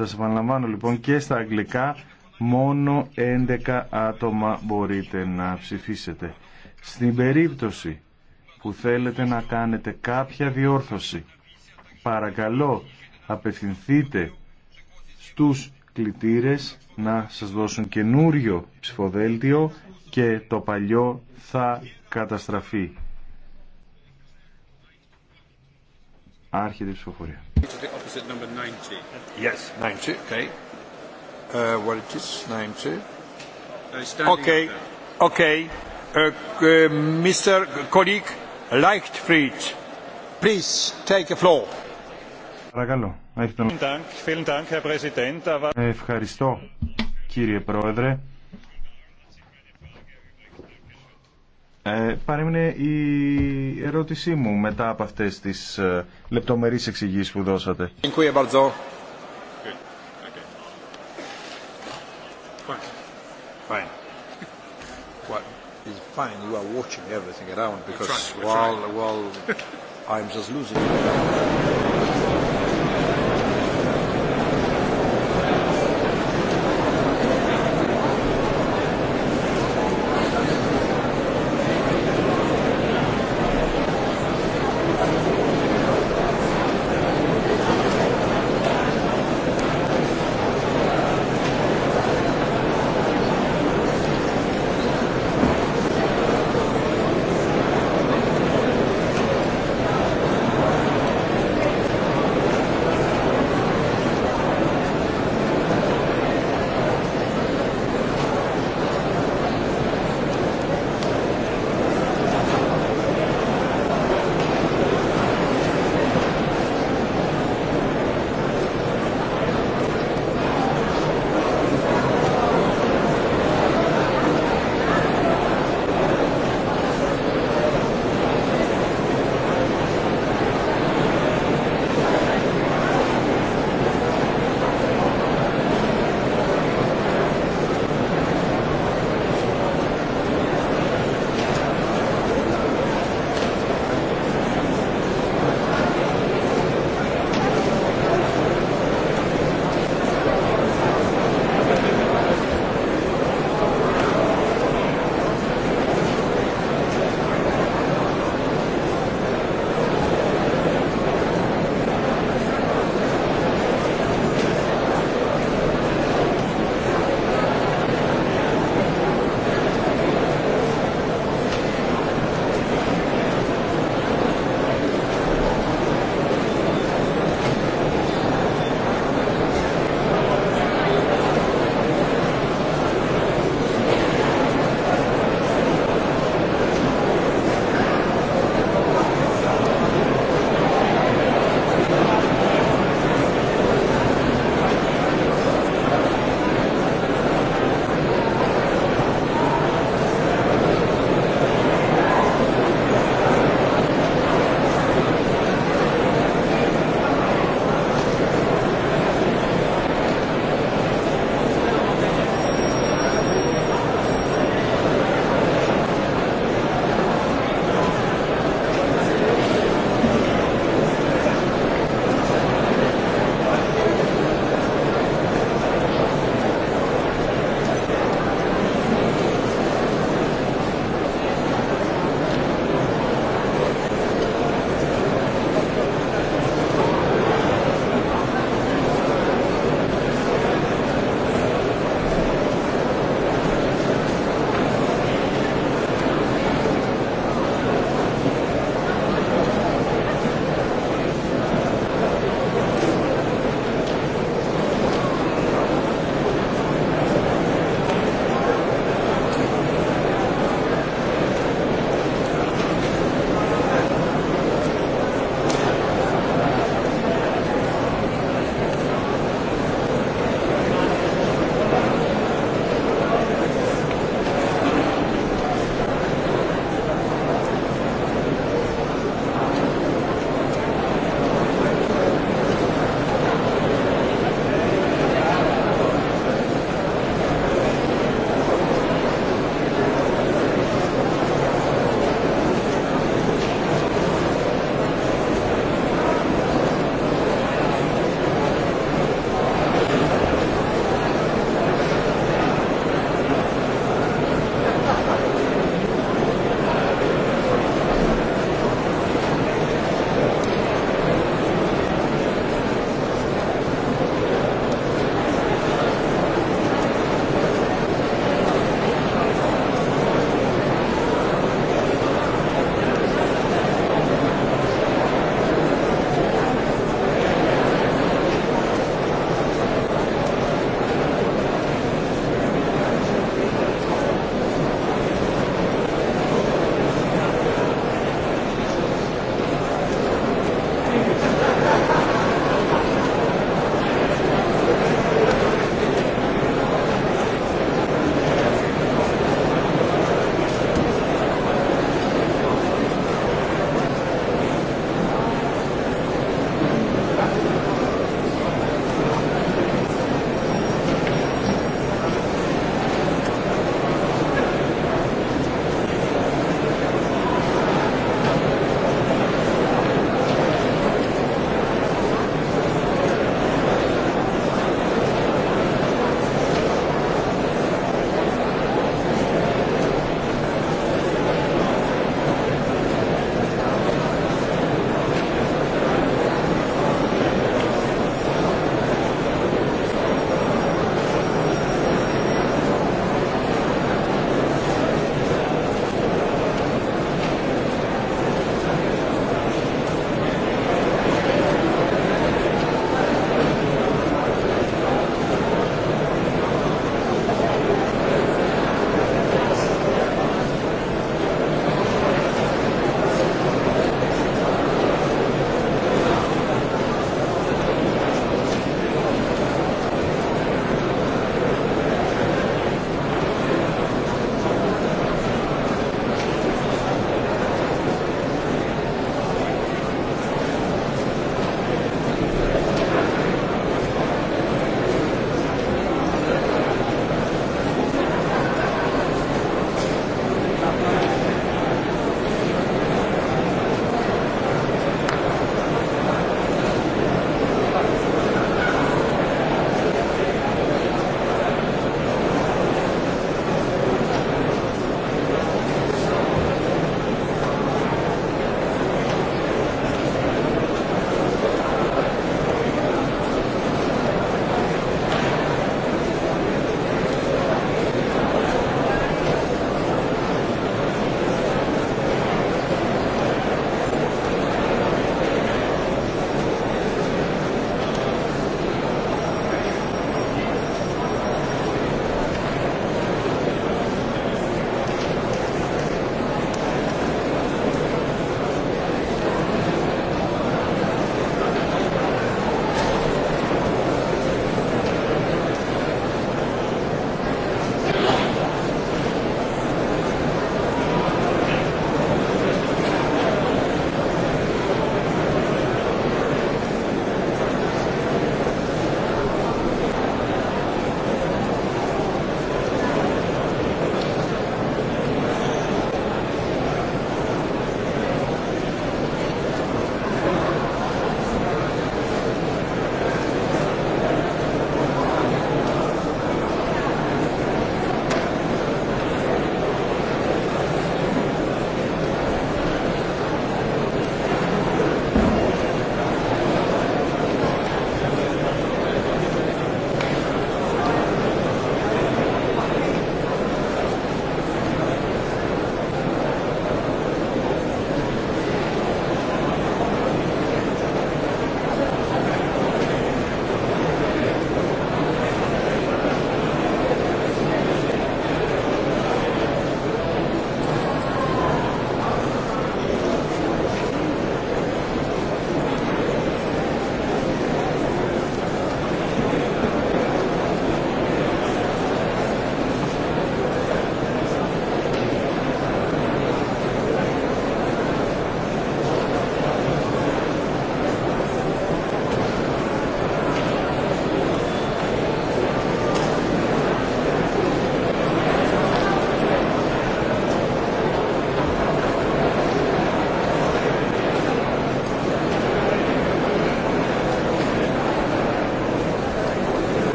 Σας επαναλαμβάνω λοιπόν και στα αγγλικά μόνο 11 άτομα μπορείτε να ψηφίσετε. Στην περίπτωση που θέλετε να κάνετε κάποια διόρθωση, παρακαλώ απευθυνθείτε στους κλητήρες να σας δώσουν καινούριο ψηφοδέλτιο και το παλιό θα καταστραφεί. Άρχεται η ψηφοφορία. Yes, okay. Uh, what Okay, okay. Uh, Mr. Ευχαριστώ, κύριε Πρόεδρε. Ε, παρέμεινε η ερώτησή μου μετά από αυτές τις ε, λεπτομερείς εξηγήσεις που δώσατε. Fine,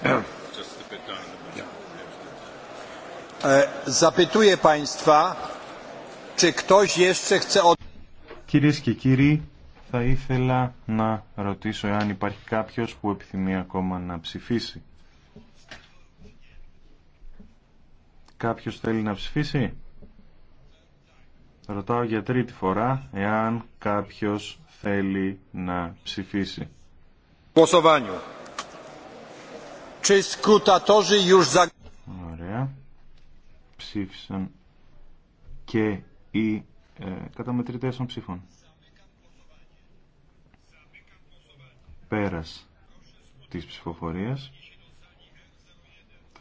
Κυρίε ehm, Κυρίες και κύριοι, θα ήθελα να ρωτήσω αν υπάρχει κάποιος που επιθυμεί ακόμα να ψηφίσει. Κάποιος θέλει να ψηφίσει. Ρωτάω για τρίτη φορά εάν κάποιος θέλει να ψηφίσει. Κοσοβάνιο. Ωραία. Ψήφισαν και οι ε, καταμετρητές των ψήφων. Πέρας της ψηφοφορία.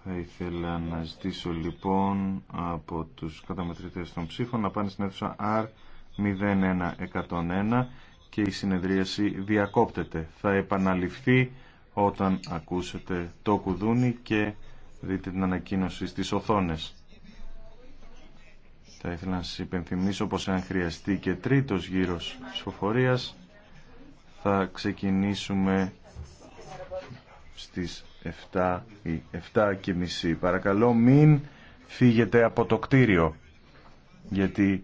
Θα ήθελα να ζητήσω λοιπόν από τους καταμετρητές των ψήφων να πάνε στην αίθουσα R01101 και η συνεδρίαση διακόπτεται. Θα επαναληφθεί όταν ακούσετε το κουδούνι και δείτε την ανακοίνωση στις οθόνες. Θα ήθελα να σας υπενθυμίσω πως αν χρειαστεί και τρίτος γύρος ψηφοφορίας θα ξεκινήσουμε στις 7 ή 7 και μισή. Παρακαλώ μην φύγετε από το κτίριο γιατί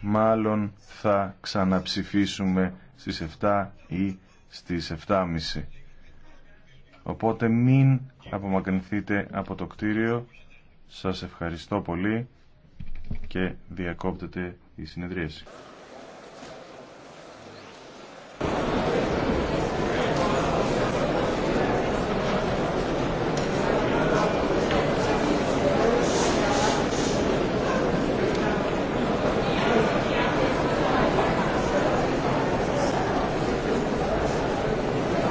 μάλλον θα ξαναψηφίσουμε στις 7 ή στις 7.30. Οπότε μην απομακρυνθείτε από το κτίριο. Σας ευχαριστώ πολύ και διακόπτεται η συνεδρίαση.